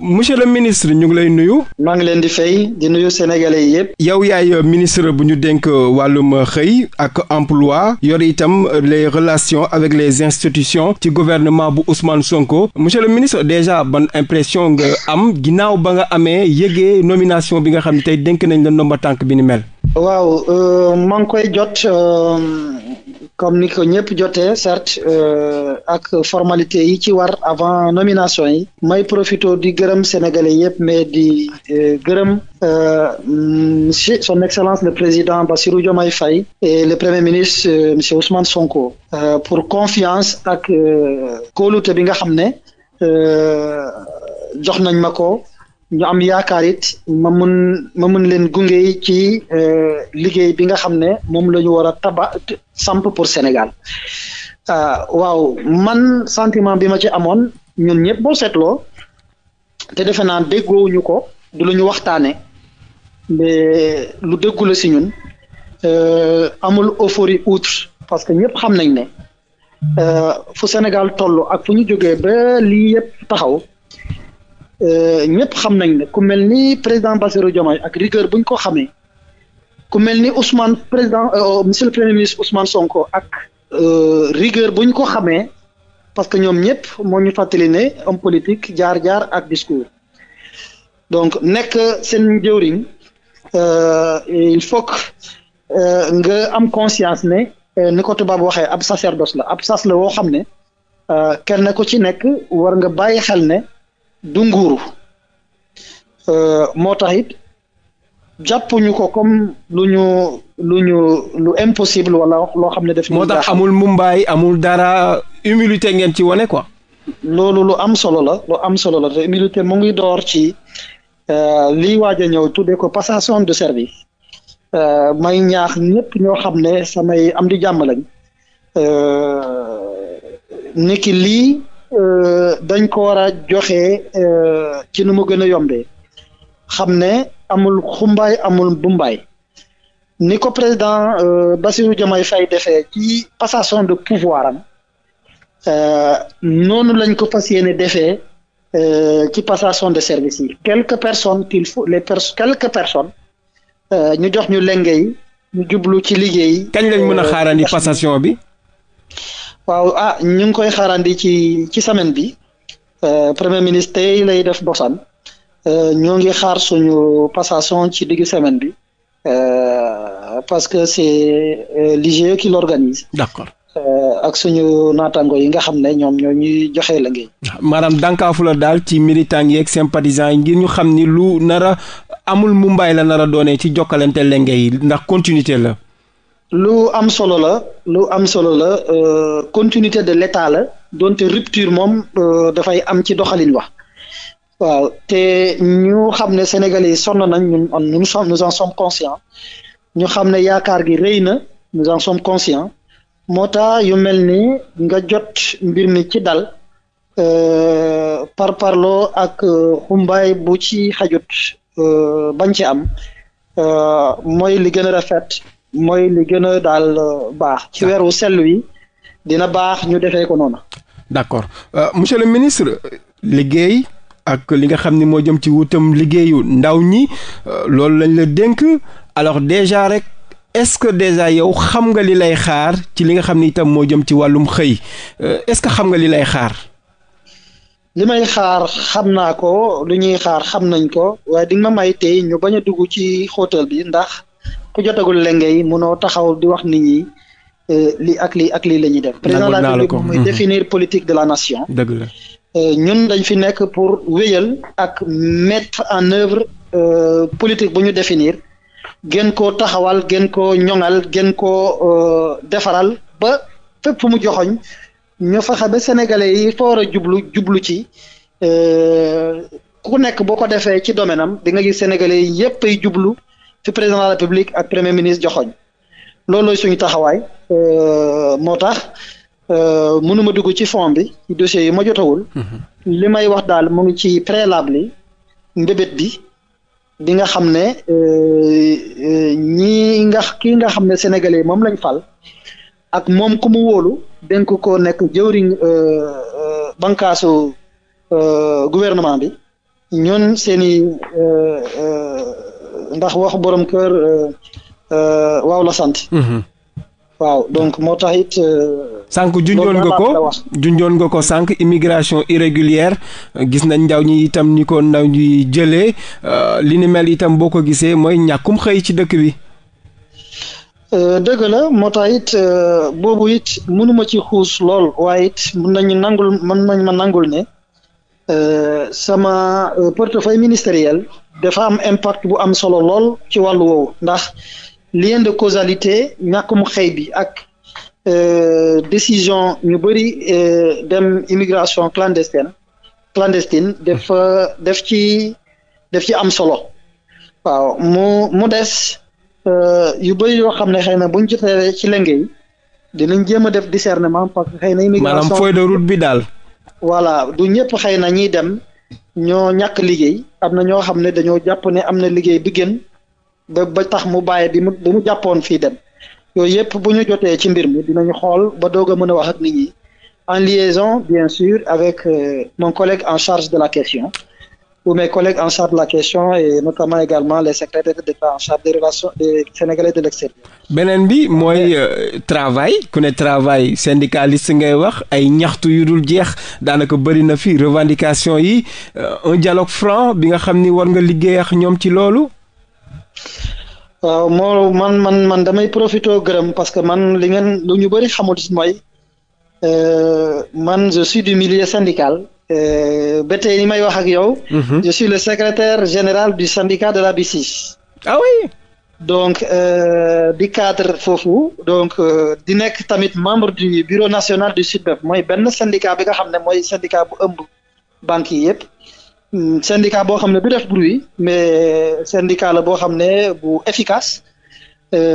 monsieur le ministre ñu ngi lay nuyu. maa ngi leen di fay di nuyu sénégalais yëpp. yow yaay ministre bu ñu dénk wàllum xëy ak emploi yor itam les relations avec les institutions ci gouvernement bu Ousmane Sonko monsieur le ministre déjà ban impression nga am ginnaaw ba nga amee yëgee nomination bi nga xam ne tey denk nañ la ndomba tànk bi ni mel. waaw euh, maa ngi koy jot euh, comme ni ko ñëpp jotee certes euh, ak formalité yi ci war avant nomination yi may profito di gërëm sénégalais yëpp mais di gërëm monsieur son excellence le président Bassirou Diomaye Faye et le premier ministre monsieur Ousmane Sonko pour confiance ak kóolute bi nga xam ne jox nañ ma ko. ñu am yaakaar it ma mun ma mun leen gunge ci euh, liggéey bi nga xam ne moom la ñu war a taba samp pour Sénégal euh, waaw man sentiment bi ma ci amoon ñun ñëpp boo seetloo te defe naa déggoowuñu ko du lu ñu waxtaane mais lu déggu la si ñun euh, amul euphorie outre parce que ñëpp xam nañ ne fu Sénégal toll ak fu ñu jógee ba lii yëpp taxaw Euh, ñëpp xam nañ ne ku mel ni président Bassirou Diomaye ak rigueur bu ñu ko xamee ku mel ni Ousmane président euh, monsieur le premier ministre Ousmane Sonko ak euh, rigueur bu ñu ko xamee parce que ñoom ñëpp moo ñu fàttali ne homme politique jaar-jaar ak discours donc nekk seen jëwriñ il faut que nga am conscience ne ni ko tubaab waxee ab sacerdoce la ab sas la woo xam ne kenn ku ci nekk war nga bàyyi xel ne. du nguuru euh, moo tax it jàppuñu ko comme lu ñu lu ñu lu impossible wala loo xam ne def moo tax amul mumbaay amul dara humilité ngeen ci wane ko loolu lu am solo la lu am solo la te humilité mu ngi door ci euh, lii waaj a ñëw tuddee ko passation de service euh, may ñaax ñëpp ñoo xam ne samay am di jàmm lañ ni lii Euh, dañ ko war a joxe euh, ci nu mu gën a yombee xam ne amul xumbaay amul bumbaay ni ko président euh, Bassirou Diomaye Faye defee ci passation de pouvoir am noonu lañ ko fas yéene defee ci passation de service yi quelque personne qu'il faut les pers quelques personnes ñu jox ñu lenge yi ñu jublu ci liggéey. kañ lañ mën a xaarani passation bi. waaw ah ñu ngi koy xaarandi ci ci semaine bi euh, premier ministre tey lay def dosan euh, ñoo ngi xaar suñu passation ci diggu semaine bi euh, parce que c'est l'IGE qui l'organise. d'accord. ak suñu naataango yi nga xam ne ñoom ñoo ñuy joxe la maanaam dànkaafu la daal ci militants yeeg sympathisants yi ngir ñu xam ni lu nara amul mumbaay la nara doone ci jokkalante lenge yi ndax continuité la. lu am solo la lu am solo la euh, continuité de l'état la donte rupture moom euh, dafay am ci doxalin wa waaw te ñu xam ne sénégalais yi sonn nañ ñun on nous sommes ñu xam ne yaakaar gi rëy na nous en sommes conscients moo tax yu mel ni nga jot mbir mi ci dal euh, par parloo ak euh, xumbaay bu ci xajut euh, bañ ci am moy li gën a rafet. mooy li gëna daal euh, baax ci weeru sell yi dina baax ñu defee ko noonu. d'accord euh, monsieur le ministre liggéey ak li nga xam ni moo jëm ci wutam liggéeyu ndaw ñi euh, loolu lañ la dénk alors déjà rek est-ce que déjà yow xam nga li lay xaar ci li nga xam ni itam moo jëm ci wàllum xëy euh, est-ce que xam nga li lay xaar. li may xaar xam naa ko lu ñuy xaar xam nañ ko waaye di may tey ñu bañ a dugg ci hôtel bi ndax. ku jotagul lenge yi munoo taxaw di wax nit ñi euh, lii ak lii ak lii la ñuy def président de la mooy mmh. définir politique de la nation euh, ñun dañ fi nekk pour wéyal ak mettre en œuvre euh, politique bu ñu définir gën koo taxawal gën koo ñoŋal gën koo defaral ba fépp fu mu joxoñ ñu fexe ba sénégalais yi foor a jublu jublu ci ku nekk boo ko defee ci domaine am di nga gis sénégalais yi yëpp ay jublu fi président de république ak premier ministre joxoñ loolooy suñu taxawaay euh, moo tax euh, mënuma dugg ci fond bi ci yi ma jotawul mhm. li may wax daal mu ngi ci préalable yi mbébét bi bi nga xam ne euh, ñi nga kii nga xam ne sénégal sénégalais moom lañ fal ak moom ku mu wóolu dénk ko nekk jëwriñ bankaasu gouvernement bi ñoon seeni ndax wax borom kër euh, euh, waaw la sant. Mhm. waaw donc moo tax it. Euh, sànq junjoon nga ko junjoon nga ko sànq immigration irrégulière gis nañ ndaw ñi itam niko ko ndaw ñi jëlee li ni mel boo ko gisee mooy ñàkkum xëy ci dëkk bi. dëgg la moo tax it boobu it mënuma ci xuus lool waaye it mën nañu nañ ma nangul ne sama portefeuille ministériel. dafa am impact bu am solo lool ci wàllu woowu ndax lien de causalité ñàkkum xëy bi ak euh, décision ñu bëri euh, dem immigration clandestine clandestine dafa def ci def ci am solo waaw mu mu des euh, yu bëri yoo xam ne xëy na buñ jotee ci lenge yi dinañ jéem a def discernement parce que xëy na immigration maanaam feuille de route bi daal voilà du ñëpp xëy na ñiy dem ñoo ñàkk liggéey am na ñoo xam ne dañoo jàpp ne am na liggéey bi gën ba ba tax mu bàyyi bi mu bi mu jàppoon fii dem yooyu yëpp bu ñu jotee ci mbir mi dinañu xool ba doog a mën a wax ak nit ñi en liaison bien sûr avec euh, mon collègue en charge de la question ou mes en charge la question et notamment également les secrétaires d'État en charge beneen bi mooy euh, travail ku ne travail syndicaliste ngay wax ay ñaxtu yu dul jeex daanaka bëri na fi revendication yi euh, un dialogue franc bi nga xam ni war nga liggéey ñoom ci loolu. waaw euh, moo man man man damay profité gërëm parce que man li ngeen lu ñu bëri xamul mooy man je suis du milieu syndical. Euh, ba tey ni may wax ak yow. Mhm. je suis le secretaire général du syndicat de la BICIS. ah oui. donc di euh, cadre foofu donc euh, di nekk tamit membre du bureau national du SUDBEF mooy benn syndicat bi nga xam ne mooy syndicat bu ëmb banques yi yëpp hmm, syndicat boo xam ne du def bruit mais syndicat la boo xam ne bu efficace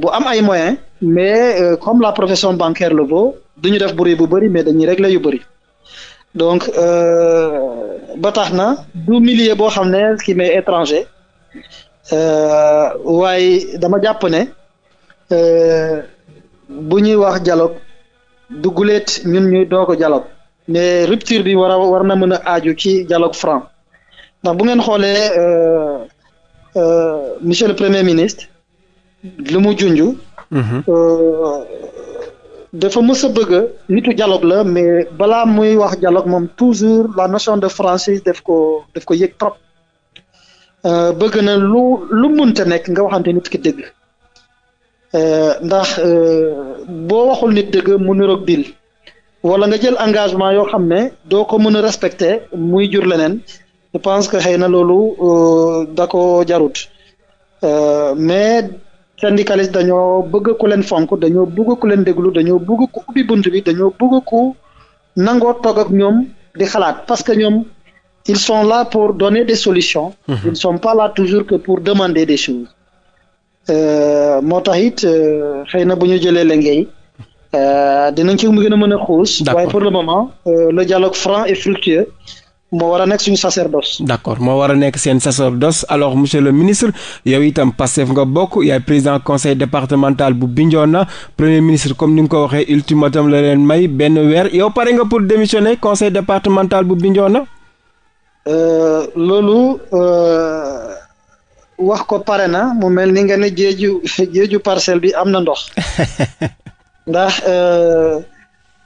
bu am ay moyen mais comme la profession bancaire le vaut du ñu def bruit bu bëri mais dañuy régler yu bëri. donc euh, ba tax na du milieu boo xam ne qui m'est étranger euh, waaye dama jàpp ne euh, bu ñuy wax dialogue du guleet ñun ñuy doo ko dialogue mais rupture bi war a war na mën a aaju ci dialogue franc ndax bu ngeen xoolee monsieur le premier ministre lu mu junj. Mhm. dafa mës a bëgg nitu dialogue la mais balaa muy wax dialogue moom toujours la notion de franchise def ko daf ko yëg trop euh, bëgg na lu lu munte nekk nga waxante nit ki dëgg euh, ndax euh, boo waxul nit dëgg mu niroog dil wala nga jël engagement yoo xam ne doo ko mën a respecté muy jur leneen je pense que xëy na loolu da ko jarut mais syndicaliste dañoo bëgg ku leen fonk dañoo bëgg ku leen déglu dañoo bëgg ku ubbi bunt bi dañoo bëgg ku nangoo toog ak ñoom di xalaat parce que ñoom ils sont là pour donner des solutions mhm. ils ne sont pas là toujours que pour demander des choses euh, moo tax it euh, xëy na bu ñu jëlee liggéey euh, dinañ ci mu gën a mën a xuus pour le moment le dialogue franc et fructueux moo war a nekk suñu sacerdoce. d' accord moo war a nekk seen sacerdoce alors monsieur le ministre yow itam Pastef nga bokk yaay président conseil départemental bu Bignona premier ministre comme ni nga ko waxee ultimatum la leen may benn weer yow pare nga pour démissionner conseil départemental bu Bignona. Euh, loolu euh, wax ko pare na mu mel ni nga ne géeju géeju parcelle bi am na ndox ndax. Euh,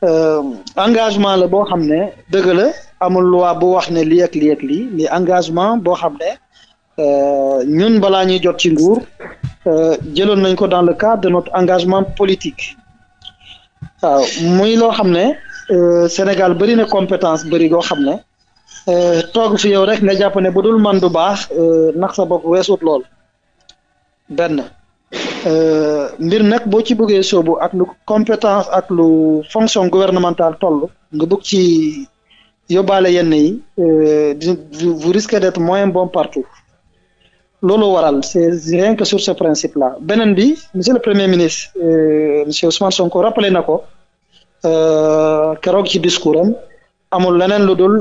Euh, engagement la boo xam ne dëgg la amul loi bu wax ne li ak lii ak lii mais engagement boo xam ne euh, ñun balaa ñuy jot ci nguur euh, jëloon nañ ko dans le cadre de notre engagement politique waaw muy loo xam ne Sénégal bëri na compétence bari goo xam ne toog fi yow rek nga jàpp ne ba dul man du baax nax sa bopp weesut lool benn. Euh, mbir nag boo ci buggee soobu ak lu compétence ak lu fonction gouvernementale toll nga bëgg ci yóbbaale yenn yi euh, vous risquez d'être moyen bon partout loolu waral c'est rien que sur ce principe là beneen bi monsieur le premier ministre euh, monsieur Ousmane Sonko rappelé na ko keroog ci discours am amul leneen lu dul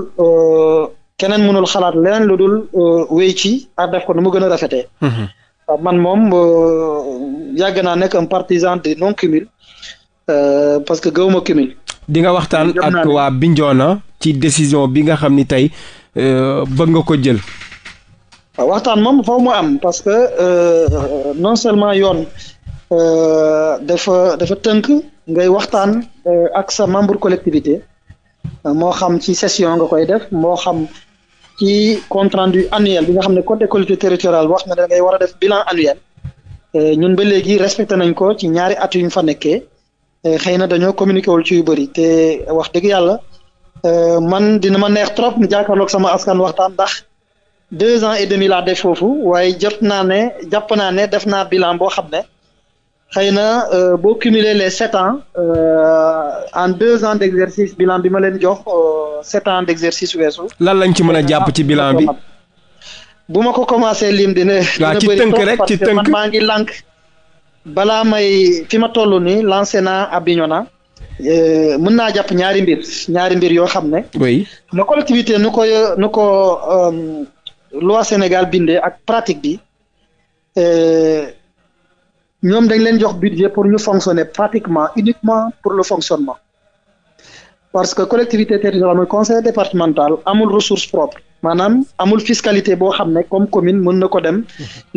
keneen mënul xalaat leneen lu dul wéy ci ak def ko nu mu gën a rafetee mm-hmm. man moom euh, yàgg naa nekk un partisan de non cumul euh, parce que gëwuma cumul. di nga waxtaan ak waa Bignona ci décision bi nga xam ni tey euh, bëgg nga ko jël. Ah, waxtaan moom foofu mu am parce que non seulement yoon dafa dafa tënk ngay waxtaan ak sa membre collectivité moo xam ci session nga koy def moo xam. ci compte rendu annuel bi nga xam ne code des collectivités territoriales wax na da ngay war a def bilan annuel euh, ñun ba léegi respecté nañ ko ci ñaari at yu ñu fa nekkee euh, xëy na dañoo communiqué wul ci yu bëri te wax dëgg yàlla euh, man dina ma neex trop mu jàkkaarloog sama askan waxtaan ndax deux ans et demi laa def foofu waaye jot naa ne jàpp naa ne def naa bilan boo xam ne. xëy na euh, boo cumuler les sept ans euh, en deux ans d' exercice bilan bi ma leen jox euh, sept ans d' exercice weesu. lan lañ ci mën a jàpp ci bilan bi. bu ma ko commencé lim dina. dina bëri trop parce maa ngi lànk. balaa may fi ma toll nii lancé naa Abignona. Euh, mën naa jàpp ñaari mbir ñaari mbir yoo xam ne. oui la collectivité nu ko nu ko loi Sénégal binde ak pratique bi. ñoom dañ leen jox budget pour ñu fonctionner pratiquement uniquement pour le fonctionnement parce que collectivité territoriale mooy conseil départemental amul ressource propre maanaam amul fiscalité boo xam ne comme commune mën na ko dem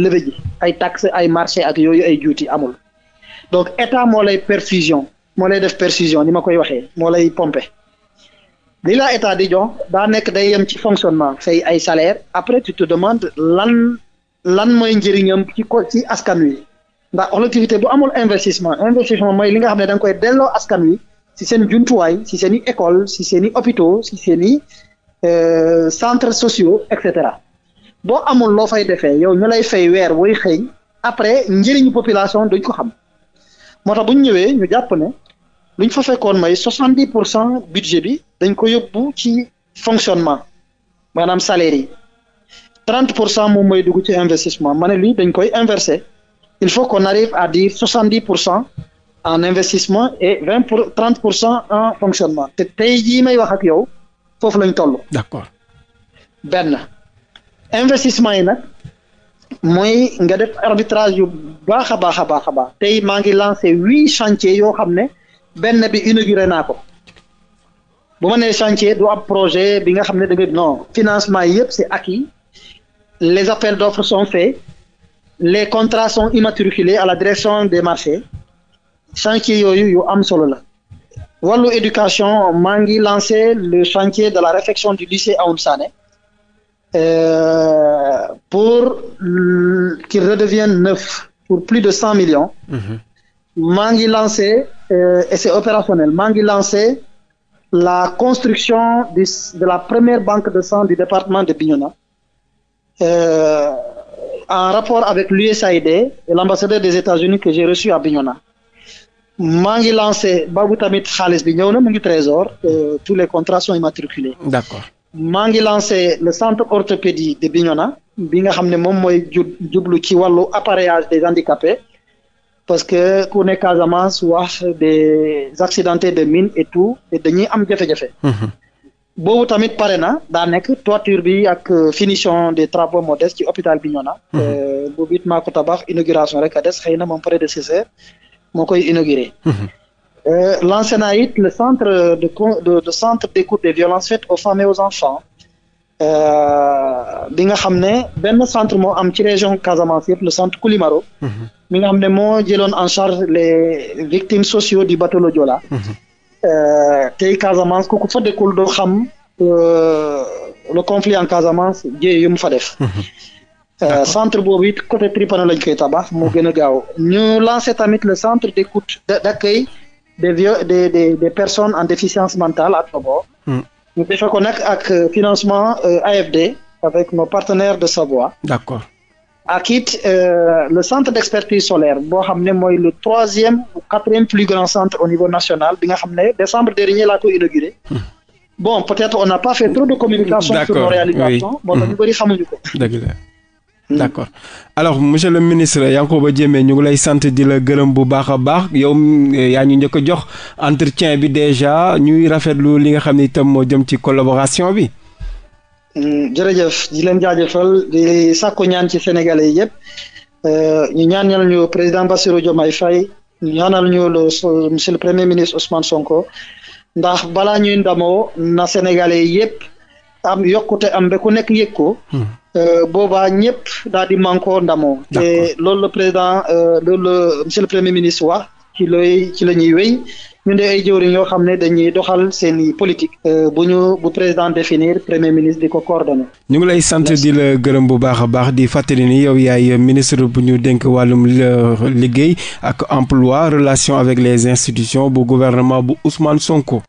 levé ji ay taxe ay marché ak yooyu ay juuti amul donc état moo lay perfusion moo lay def perfusion ni ma koy waxee moo lay pompe li la état di jox daa nekk day yem ci fonctionnement say ay salaire après tu te demandes lan lan mooy njëriñam ci ko ci askan wi ndax collectivité bu amul investissement investissement mooy li nga xam ne da nga koy delloo askan wi si seen jumtuwaay ci seen i école si seeni i hôpitaux si seeni i euh, centres sociaux et cetera boo amul loo fay defee yow ñu lay fay weer woy xëy après njëriñu population duñ ko xam moo tax bu ñu ñëwee ñu jàpp ne luñ fa fekkoon mooy soixante dix pour cent budget bi dañ koy yóbbu ci fonctionnement maanaam salaire yi trente pour cent moom mooy dugg ci investissement ma ne dañ koy inversé. il faut qu'on arrive à dire 70% en investissement et 20 pour cent en fonctionnement te tey jii may wax ak yow foofu lañ toll. d'accord benn investissement yi nag mooy nga def arbitrage yu baax a baax a baax a baax tey maa ngi lancé huit chantiers yoo xam ne benn bi inauguré naa ko bu ma nee chantier du ab projet bi nga xam ne da nga non financement yëpp c'est acquis les appels d'offres sont faits. les contrats sont immatriculés à la direction des marchés chantier yooyu yu am solo la wàllu éducation maa ngi lancé le chantier de la réfection du lycée Aoun Sané euh, pour qu'il redevienne neuf pour plus de cent millions mhm. maa ngi lancé euh, et c'est opérationnel maa ngi lancé la construction du, de la première banque de sang du département de Bignona euh, en rapport avec l'USAID et l'ambassadeur des États-Unis que j'ai reçu à Bignona maa ngi lancé boobu tamit xaalis bi ñëw na mu ngi trésor euh, tous les contrats sont immatriculés. d'accord maa ngi lancé le centre orthopédie de Bignona bi nga xam ne moom mooy jublu ci wàllu appareillage des handicapés parce que ku ne Casamance wax des accidentés de mine et tout et dañuy am jafe-jafe. Mhm. boobu tamit pare na daa nekk toiture bi ak euh, finition des travaux modestes ci hôpital Bignona. Mhm. Euh, boobu it maa ko tabax inauguration rek a des xëy na moom prédécesseur moo koy inauguré. Mhm. Euh, lancé naa it le centre de de de centre d'écoute des violences faites aux femmes et aux enfants. bi nga xam ne benn centre moo am ci région Casamance yëpp le centre Koulimaro. Mhm. mi nga xam ne moo jëloon en charge les victimes sociaux du batolo Joola. Euh, tey Casamance ku ko doo xam euh, le conflit en Casamance jéey yu mu fa def. Mhm. Euh, centre boobu it côté Tripano lañ koy tabax moo gën a gaaw ñu lancé tamit le centre d'écoute d'accueil des des des des personnes en déficience mentale à Togo. Mm. ñu defee ko nag ak financement AFD avec nos partenaires de Savoie. d'accord ak it euh, le centre d'expertise solaire boo xam ne mooy le troisième ou quatrième plus grand centre au niveau national bi nga xam ne décembre dernier laa ko inauguré hmm. bon peut-être on n'a pas fait trop de communication sur nos réalisations bon ñu bëri xamuñu ko hmm. d'accord alors monsieur le ministre ba Diémé ñu ngi lay sant di la gërëm bu baax a baax yow eh, yaa ñu njëkk a jox entretien bi déjà ñuy rafetlu li nga xam ne itam moo jëm ci collaboration bi Mm, jërëjëf di leen jaajëfal di sàkku ñaan ci Sénégalais yi yëpp euh, ñu ñaanal ñu président Bassirou Diomaye Faye ñu ñaanal ñu le monsieur le premier ministre osman Sonko ndax balaa ñuy ndamoo na sénégal Sénégalais yëpp am yokkute am ba ku nekk yëg ko. Hmm. Euh, boobaa ñëpp daal di manko ndamoo. te loolu la président euh, loolu la monsieur le premier ministre wax ci looy ci la ñuy wéy. ñu dee ay jëwriñ yoo xam ne dañuy doxal seeni politique euh, bu ñu bu président définir premier ministre di ko coordonné. ñu ngi lay sant di la gërëm bu baax a baax di fàttali ni yow yaay ministre bu ñu dénk wàllum euh, liggéey ak emploi relation avec les institutions bu gouvernement bu Ousmane Sonko.